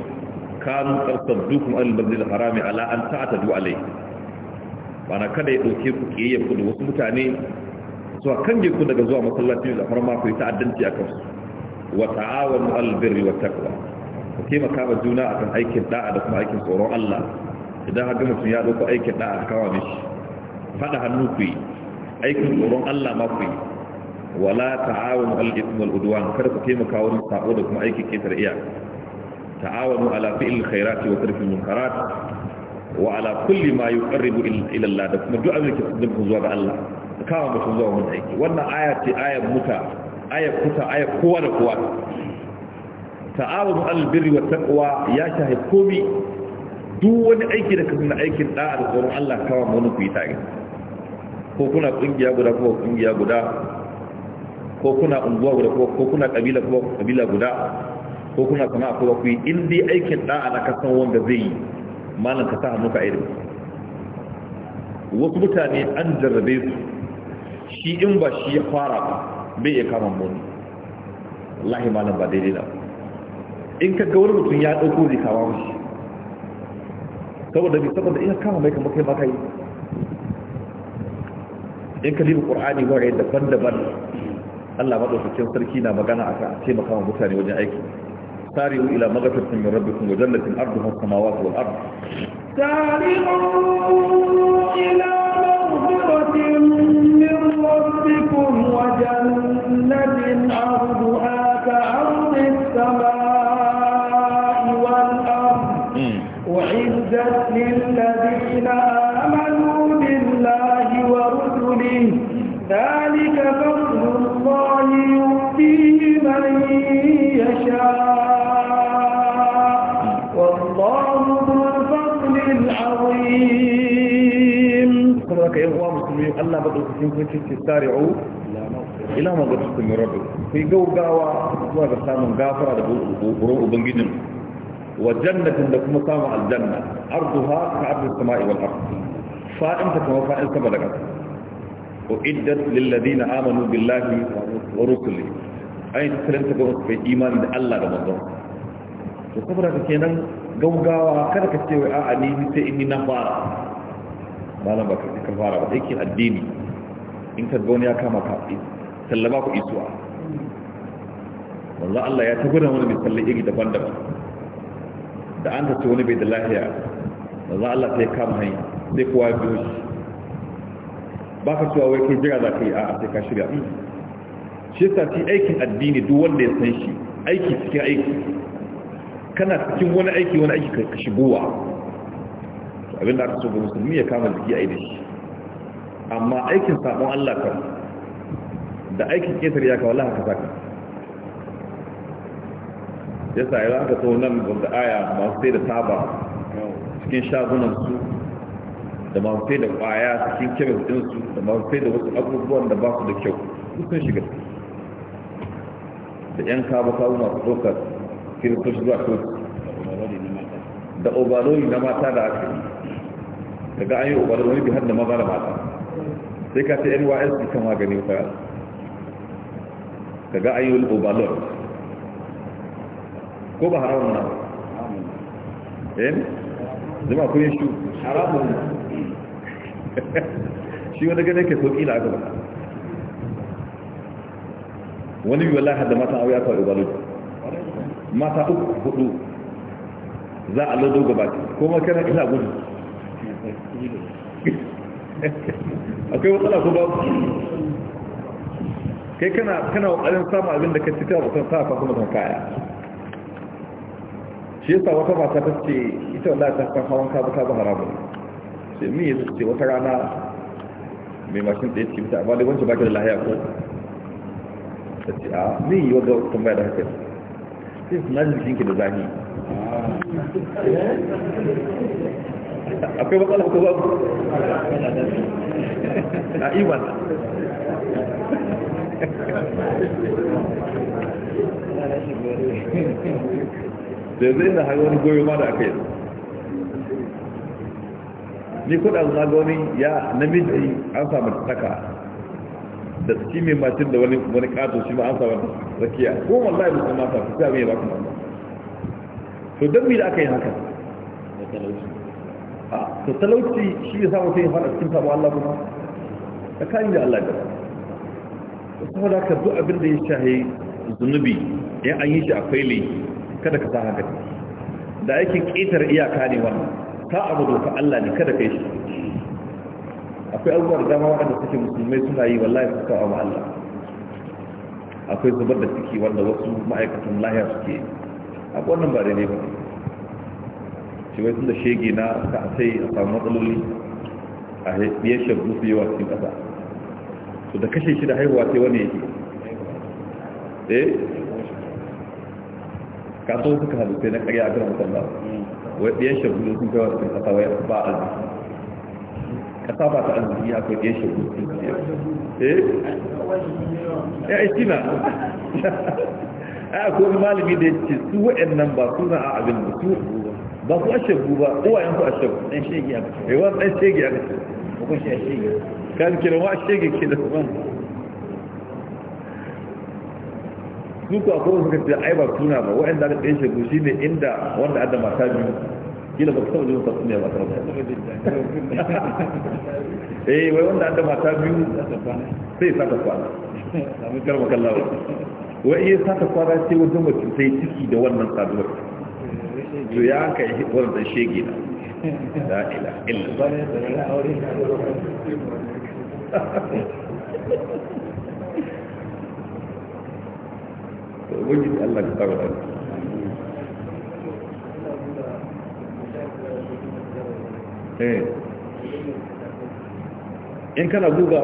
C: kanu sardukum al masjid harami ala an ta'tadu alayhi bana kada ya ɗauke ku kiyaye ku da wasu mutane su kange ku daga zuwa masallacin da har ma ku ta'addanci akan su wa ta'awanu al birri wat taqwa ku taimaka wa juna akan aikin da'a da kuma aikin tsoron Allah idan haka mutum ya ɗauko aikin da a kawo mishi faɗa hannu ku yi aikin tsoron Allah ma ku yi wala ta'awunu al-ithmi wal udwan ku taimaka wurin sabo da kuma aikin ketar iya ta'awunu ala fi'il khairati wa tarkil munkarat wa ala kulli ma yuqarribu ila Allah da kuma duk abin da ke tsundun zuwa ga Allah kawo mutum zuwa wani aiki wannan aya ce ayar muta ayar kuta ayar kowa da kowa ta'awunu al-birri wa taqwa ya shahi komi duk wani aiki da kasuna aikin da tsoron Allah kawo wani ku yi tare ko kuna kungiya guda ko kungiya guda ko kuna unguwa guda ko kuna kabila ko kabila guda ko kuna sana'a kuma ku yi in dai aikin da'a da kasan wanda zai yi malam ka sa hannu ka irin wasu mutane an jarrabe su shi in ba shi ya fara ba bai iya kama muni lahi malam ba daidai na in ka ga wani mutum ya ɗauko zai kawo shi saboda bi saboda in kama mai kamar kai ba kai in ka liba qur'ani ba ga daban-daban Allah madaukakin sarki na magana aka taimaka wa mutane wajen aiki sari'u ila maghfiratin min rabbikum wa jannatin arduha samawati wal ard
A: sari'u ila maghfiratin min rabbikum wa jannatin arduha ka ardhis as-samawati أعدت للذين آمنوا بالله ورسله ذلك فضل الله يؤتيه من يشاء والله
C: ذو الفضل
A: العظيم
C: كما كان يقوى مسلمين الله بدأ في تسارعوا ila ma ga tukun في kai gaugawa zuwa ga samun gafara da gurin ubangijin wa jannatin da kuma samu aljanna arduha ka abin sama'i wal ard fa'in ta kuma fa'in sama da ƙasa uiddat lil ladina amanu billahi wa rusulihi ai tsiranta ga wasu kai imani da Allah da manzon to saboda ka kenan gaugawa kada ka ce wai a'a ni sai in na fara malam ba ka ka fara ba aikin addini in ka ga wani ya kama ka sallama ku isuwa wallahi Allah ya tabbata mana misalai iri daban-daban da an tace wani bai da lahiya. da za Allah sai kama hanya sai kowa biyo shi ba ka cewa wai kai jira za ka yi a sai ka shirya mm. shi sa ci aikin addini duk wanda ya san shi aiki cikin aiki kana cikin wani aiki wani aiki ka shigowa Abin da aka so ga musulmi ya kama jiki a yi da shi amma aikin sabon Allah ka. da aikin ƙetare ya kawo lahaka saka yasa yanzu aka so nan wanda aya masu sai da taba cikin shagunansu da masu sai da kwaya cikin kirin dinsu da masu sai da wasu abubuwan da ba su da kyau sun shiga da yan kaba kawo masu ɗaukar kiristoci zuwa kotu da obaloyi na mata da aka yi daga an yi obaloyi wani bihar da maza da mata sai ka ce nys kan magani wata kaga an yi obaloli ko ba haramun na eh zama kun yi shu haramun shi wani ganin ke sauƙi da aka ba wani yi wallaha da mata auya kawai ubaloji mata uku hudu za a lodo gabaki ko makarar ina gudu akwai matsala ko babu kai kana kana ƙarin samun abin da ka ci ta abokan sa kuma kan kaya shi yasa wata mata ta ce ita wanda ta san hawan kaza ba haramu ce min yanzu ce wata rana mai mashin tsaye ce mita amma dai wancan baki da lahiya ko ta ce a min yi wadda tambaya da haka sai su jikin ki da zahi akwai matsala ko babu a iwan
B: Thank you.
C: da zai na har wani goyo ma da aka yi ni kuɗa zuwa wani ya namiji an samu taka da suke mai matin da wani kato shi ma an samu rakiya ko wallahi mutum ma sa fita mai baka to don mi da aka yi haka to talauci shi ya samu sai ya faɗa cikin samu Allah kuma tsakanin da Allah gaba saboda haka duk abin da ya shahi zunubi ya an yi shi a kwaili. kada ka sa haka da aikin ƙetar iyaka ne wannan ta abu doka Allah ne kada ka yi shi akwai abubuwa da dama waɗanda suke musulmai suna yi wallahi su kawo Allah akwai zubar da suke wanda wasu ma'aikatan lahiya suke a wannan ba daidai ba shi wai da shege na ka a sai a samu matsaloli a haifiyar shabu su yi wa cikin ƙasa su da kashe shi da haihuwa sai wani yake eh ka so suka hadu sai na karya a kan sallah wai ɗiyan shagulu sun kai wasu kasa wai ba a arziki kasa ba ta arziki akwai ɗiyan shagulu sun kai eh ya aiki a akwai malami da ya ce su waɗannan ba su na a abin da su ba su a shagu ba uwayen su a shagu ɗan shege a kasa eh, yawan ɗan shege a kasa kan kiran wa shege ke da kuma su ko suka ce kace ai ba suna ba wa'anda da ɗaya shekaru shi ne inda wanda adda mata biyu gina ba kusa wajen yin ne ba mata ba eh wai wanda adda mata biyu sai sata kwana samun karba kallawa wai iya sata kwana ce wajen mace sai ciki da wannan saduwar
B: to ya ka yi wannan
C: shege na la ila illa وجد قالك طرد ايه ان كان اغوغا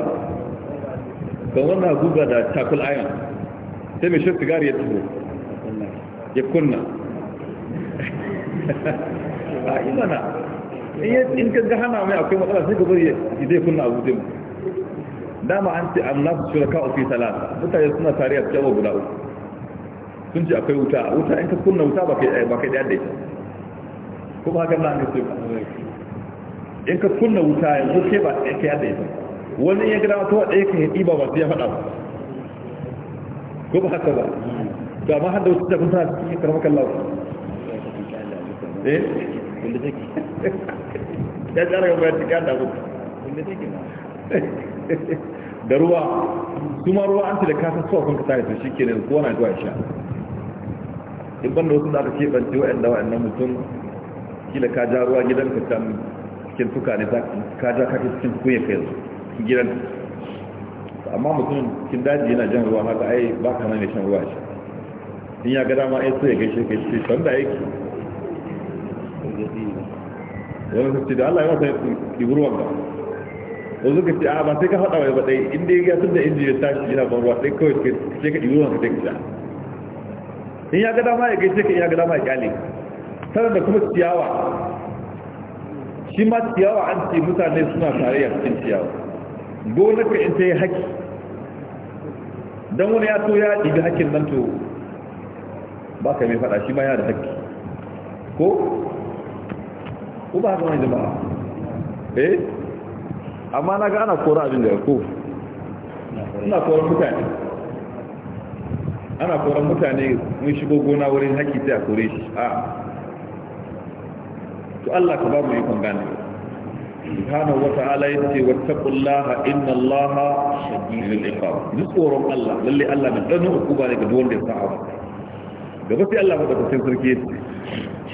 C: كمان اغوغا ده تاكل عين تم شفت جاري يتبو يكوننا ايمانا ايه ان كان جهنا ما اوكي خلاص نيجي بري دي كنا ابو ديم دام انت النفس شركاء في ثلاثه انت يسمى ساريه تجاوب لا sun ce akwai wuta wuta in ka kunna wuta ba kai da yadda ita kuma haka na ka ce ba in ka kunna wuta yanzu ke ba kai yadda ita wani ya gina wata wadda ka haɗi ba ba su ya faɗa ba ko ba haka ba to amma har da wuta ta kunta a cikin karamar kallon eh
D: ya tsara ga bayan cikin da wuta
C: da ruwa kuma ruwa an ce da kasar suwa kun ka shi ke ne kowa na zuwa isha in ban da wasu da aka keɓance wa'anda wa'annan mutum kila ka ja ruwa gidan ka can cikin tuka ne ka ja kake cikin tukunya ka yanzu gidan amma mutum cikin daji yana jan ruwa haka ai ba ka nan ya shan ruwa shi in ya ga dama ai so ya gaishe ka shi sanda yake wani su ce da Allah ya wata ɗigurwan ba wanzu ka ce a ba sai ka faɗa wai ba ɗai inda ya gasar da injiyar tashi yana ban ruwa sai kawai ce ka ɗigurwan ka ta gida in ya ga dama ya gaishe ka in ya ga dama ya kyale tare da kuma ciyawa shi ma ciyawa an ce mutane suna tare ya cikin ciyawa ka in ta yi haki don wani ya to ya ɗiga hakin nan to ba ka mai faɗa shi ma yana da haki ko ko ba haka wani jama'a eh amma na ga ana kora abin da ya ko ina koran mutane ana koran mutane mun shigo gona wurin haki sai a kore shi a to Allah ka ba mu ikon gane subhanahu wa ta'ala yace wattaqullaha inna allaha shadidul iqab duk tsoron Allah lalle Allah da dan hukuma ne ga duk wanda ya sa'a ba sai Allah ba ta sarki yace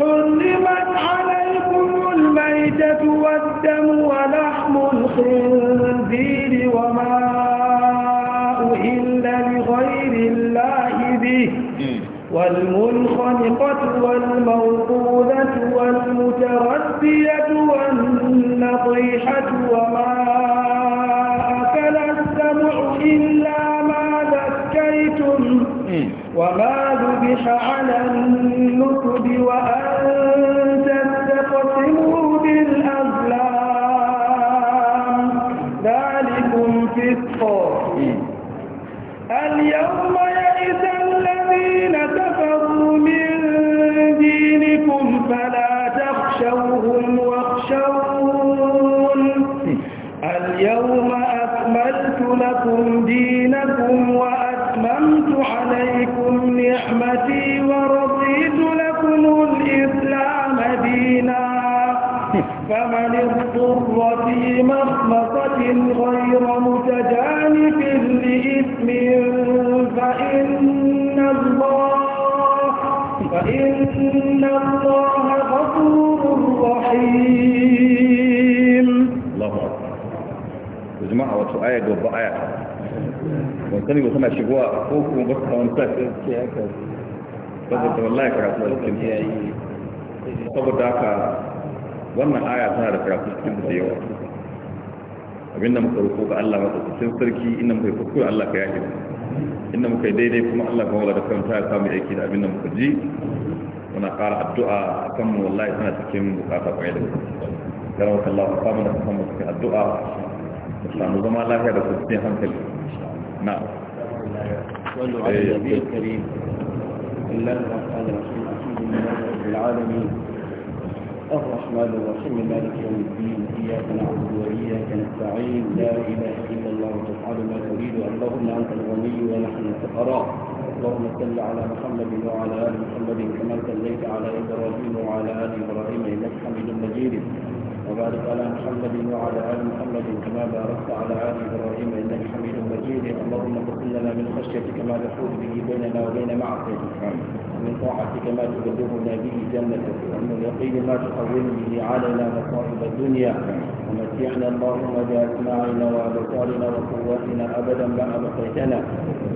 A: حرمت عليكم الميتة والدم ولحم الخنزير وما والمنخنقة والموقوذة والمتردية والنطيحة وما أكل السمع إلا ما ذكيتم وما ذبح على النكب وأن تستقسموا بالأزلام ذلكم فسق لكم دينكم وأتممت عليكم نعمتي ورضيت لكم الإسلام دينا فمن اضطر في مخمصة غير متجانف لإثم فإن الله فإن الله غفور
C: رحيم الله أكبر جماعة وتؤيد وبآيات ban sani ba suna shigowa ba su sa ah, karatu a cikin saboda haka wannan aya tana da karatu cikin da yawa abinda muka roƙo ga Allah maka cikin sarki inda muka yi kuskure Allah ka yake inda muka yi daidai kuma Allah ka wala da kanta ya samu aiki da abinda muka ji muna ƙara addu'a akan mu wallahi tana cikin bukata kwaye da garawar Allah ka samu da mu cikin addu'a mu samu zama lafiya da kwanciyar hankali نعم
D: صلوا على إيه. النبي الكريم الله الرحمن الرحيم الحمد لله رب العالمين الرحمن الرحيم مالك يوم الدين اياك نعبد واياك نستعين لا اله الا الله تفعل ما تريد اللهم انت الغني ونحن الفقراء اللهم صل على محمد وعلى ال محمد كما صليت على ابراهيم وعلى ال ابراهيم انك حميد مجيد وبارك على محمد وعلى ال محمد كما باركت على ال ابراهيم انك حميد مجيد اللهم اغفر لنا من خشيتك ما تحول به بيننا وبين معصيتك من طاعتك ما تبلغنا به جنتك ومن اليقين ما تحول به علينا مصائب الدنيا ومتعنا اللهم بأسماعنا وأبصارنا وقواتنا أبدا ما أبقيتنا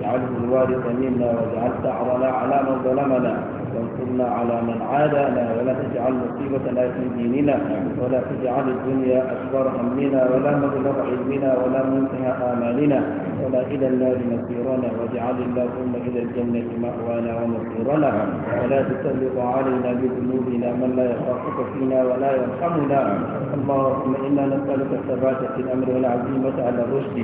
D: واجعله الوارث منا واجعل ثأرنا على من ظلمنا وانصرنا على من عادانا ولا تجعل مصيبتنا في ديننا ولا تجعل الدنيا أكبر همنا ولا مبلغ علمنا ولا منتهى آمالنا ولا إلى النار مصيرنا واجعل اللهم إلى الجنة مأوانا ومصيرنا ولا تسلط علينا بذنوبنا من لا يخافك فينا ولا يرحمنا اللهم انا نسالك الثبات في الامر والعزيمه على الرشد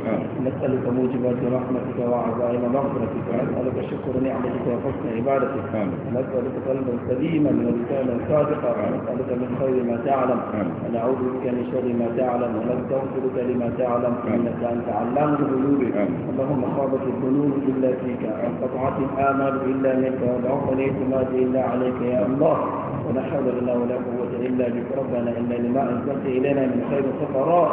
D: نسالك موجبات رحمتك وعزائم مغفرتك نسالك شكر نعمتك وحسن عبادتك نسالك قلبا سليما ولسانا صادقا نسالك من خير ما تعلم ونعوذ بك من شر ما تعلم ونستغفرك لما تعلم انك انت علام الغيوب اللهم خابت الذنوب الا فيك وانقطعت الامال الا منك وضعف الاعتماد إلا عليك يا الله ولا حول لنا ولا قوة إلا بك ربنا إلا لما أنزلت إلينا من خير سفراء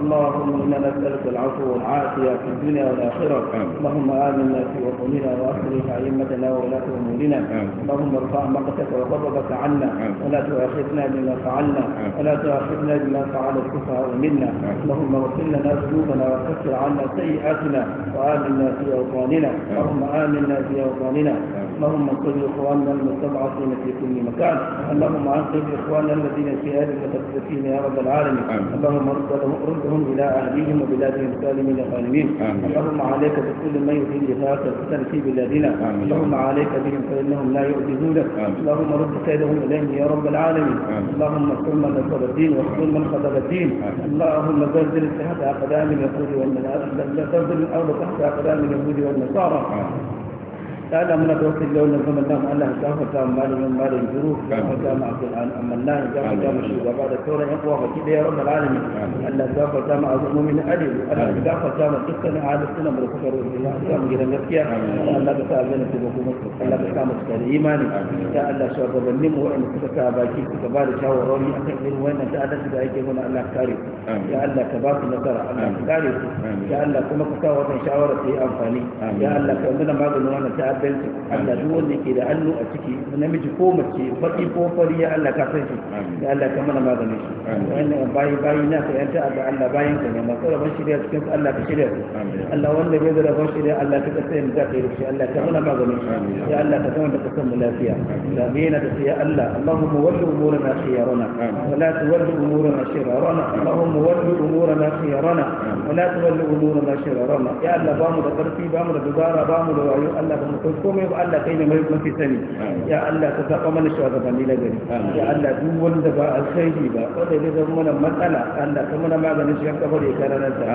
D: اللهم إنا نسألك العفو والعافية في الدنيا والآخرة اللهم آمنا في وطننا وأصلح أئمتنا وولاة أمورنا اللهم ارفع مقتك وغضبك عنا ولا تؤاخذنا بما فعلنا ولا تؤاخذنا بما فعل الكفار منا اللهم اغفر لنا ذنوبنا وكفر عنا سيئاتنا وآمنا في أوطاننا اللهم آمنا في أوطاننا اللهم انصر اخواننا المستضعفين في كل مكان اللهم انصر اخواننا الذين في هذه المتفقين يا رب العالمين اللهم ردهم الى اهليهم وبلادهم سالمين غانمين اللهم عليك بكل من يريد ذاك الفتن في بلادنا اللهم عليك بهم فانهم لا يعجزونك اللهم رد كيدهم اليهم يا رب العالمين اللهم اكرم من نصر الدين واخذل من خذل الدين اللهم زلزل تحت اقدام اليهود والنصارى زلزل الارض تحت اقدام اليهود والنصارى ta da muna da wasu na zaman namu Allah ya gafarta mu malamin malam juru gafarta mu Qur'an amma na ya gafarta mu shugaba da sauran ya uwa baki da rabbul alamin Allah ya gafarta mu azumin adil Allah ya gafarta mu dukkan halittuna mu da kuka rubuta ya sa mu gidan gaskiya Allah ya sa aljanna ta kuma mu Allah ya sa mu da imani ya Allah shugabannin mu wanda suka sa baki suka ba da shawarwari akan irin wannan ta'addanci da yake mana Allah kare ya Allah ka ba su nasara Allah ka kare su ya Allah kuma ka sa wannan shawara ta yi amfani ya Allah ka yi mana maganin wannan ta'addanci adalci Allah duk wanda ke da hannu a ciki namiji ko mace baki ko fari ya Allah ka san shi ya Allah ka mana maganin shi wannan bayi bayi na ka yanta da Allah bayin ka ne masu ban shirya cikin Allah ka shirya Allah wanda bai da ban shirya Allah ka kasa yin da kai shi Allah ka mana maganin shi ya Allah ka san da kasan mu lafiya da mena da sai Allah Allahumma walli umurana khiyarana wa la tuwalli umurana shirarana Allahumma walli umurana khiyarana wa la tuwalli umurana shirarana ya Allah ba mu da karfi ba mu da dubara ba mu da wayo Allah ka mu san komai ba Allah kai ne mai mafi sani ya Allah ka saba mana shi shugabanni na gari ya Allah duk wanda ba alkhairi ba wanda zai zama mana matsala Allah ka mana maganin shi kafa da kai ranar ta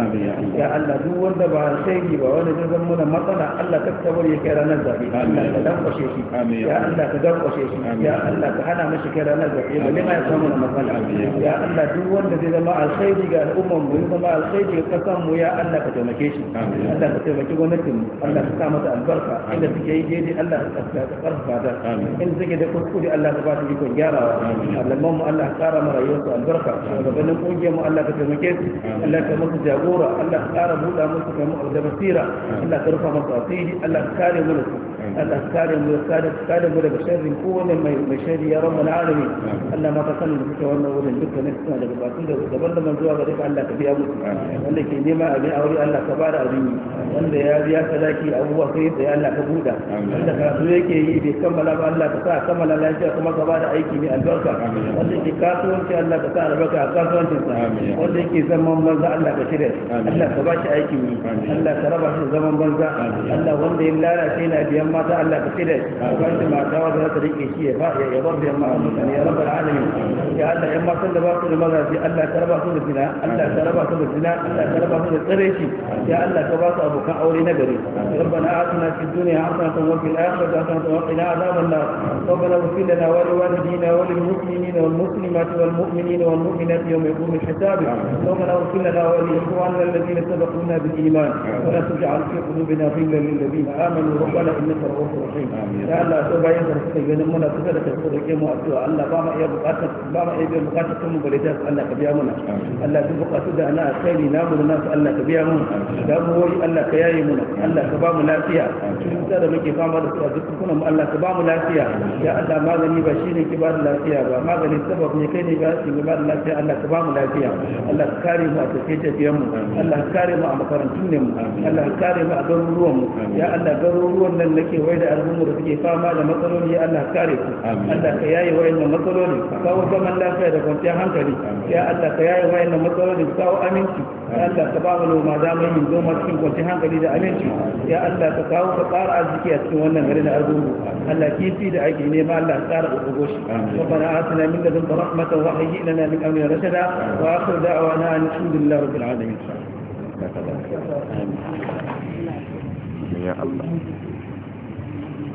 D: ya Allah duk wanda ba alkhairi ba wanda zai zama mana matsala Allah ka kafa da ya ranar ta Allah ka dankwashe shi ya Allah ka dankwashe shi ya Allah ka hana mashi kai ranar ta ya Allah ya samu matsala ya Allah duk wanda zai zama alkhairi ga al'ummar mu ya zama alkhairi ga kasan mu ya Allah ka taimake shi Allah ka taimake gwamnatin mu Allah ka sa mata albarka inda take yayi daidai Allah ya tsaka ka karfa da amin in suke da kuskure Allah ka ba su ikon gyarawa amin malaman mu Allah ka kara mu rayuwarsu albarka shugabannin kungiyar mu Allah ka taimake su Allah ka musu jagora Allah ka kara buɗa musu mu da basira Allah ka rufa musu asiri Allah ka kare mu da su Allah ka kare mu da kare mu daga sharrin kowane mai mai sharri ya rabu na alami. Allah ma ka sani da suke wannan wurin duka ne suna daga bukatun da daban daban zuwa ga duka Allah ka biya musu wanda ke nema abin aure Allah ka bada abin wanda ya biya sadaki abubuwa sai ya Allah ka buɗe da wanda karatu yake yi bai kammala ba Allah ka sa kammala lafiya kuma ka bada aiki mai albarka wanda yake kasuwanci Allah ka sa albarka a kasuwancin sa wanda yake zaman banza Allah ka shirya Allah ka bashi aiki yi Allah ka raba shi zaman banza Allah wanda ya lalace yana biyan mata Allah ka shirya ka bashi mata wanda za ta rike shi ya ba ya bar biyan mata mutane ya rabbal alamin ya Allah yan matan da ba su da mazaje Allah ka raba su da zina Allah ka raba su da zina Allah ka raba su da tsare shi ya Allah ka ba su abokan aure na gari ربنا آتنا في الدنيا حسنة وفي الآخرة حسنة الى عذاب النار ربنا اغفر لنا ولوالدينا وللمسلمين والمسلمات والمؤمنين والمؤمنات يوم يقوم الحساب ربنا اغفر لنا ولإخواننا الذين سبقونا بالإيمان ولا تجعل في قلوبنا غلا للذين آمنوا ربنا إنك رؤوف رحيم يا الله توبا يزر سيدنا منا تسدك الصدق مو أسوأ الله بابا يا بقاتك بابا يا بقاتك كم بلدات الله تبيا منا الله تبقى تدعنا أنا خيري نام الناس الله تبيا منا دابوي الله كياي منا الله تبام لا فيها da muke fama da su a duk kuma Allah ka ba mu lafiya ya Allah magani ba shine ki ba da lafiya ba magani sabab ne kai ne ga shi ba da lafiya Allah ka ba mu lafiya Allah ka kare mu a tafiye tafiyen mu Allah ka kare mu a makarantun mu Allah ka kare mu a garuruwan mu ya Allah garuruwan nan nake wai da al'umma da suke fama da matsaloli ya Allah kare ku Allah ka yaye wayannan matsaloli kawo zaman lafiya da kwanciyar hankali ya Allah ka yaye wayannan matsaloli kawo aminci ya Allah ka ba mu noma damar yin noma cikin kwanciyar hankali da aminci ya Allah ka kawo ka ƙara suke a cikin wannan gari na Allah kifi da ake nema Allah tsara da gogo shi rabbana atina min ladunka rahmatan wa hayyi lana min amrina rashada wa akhir da'wana rabbil alamin
B: ya Allah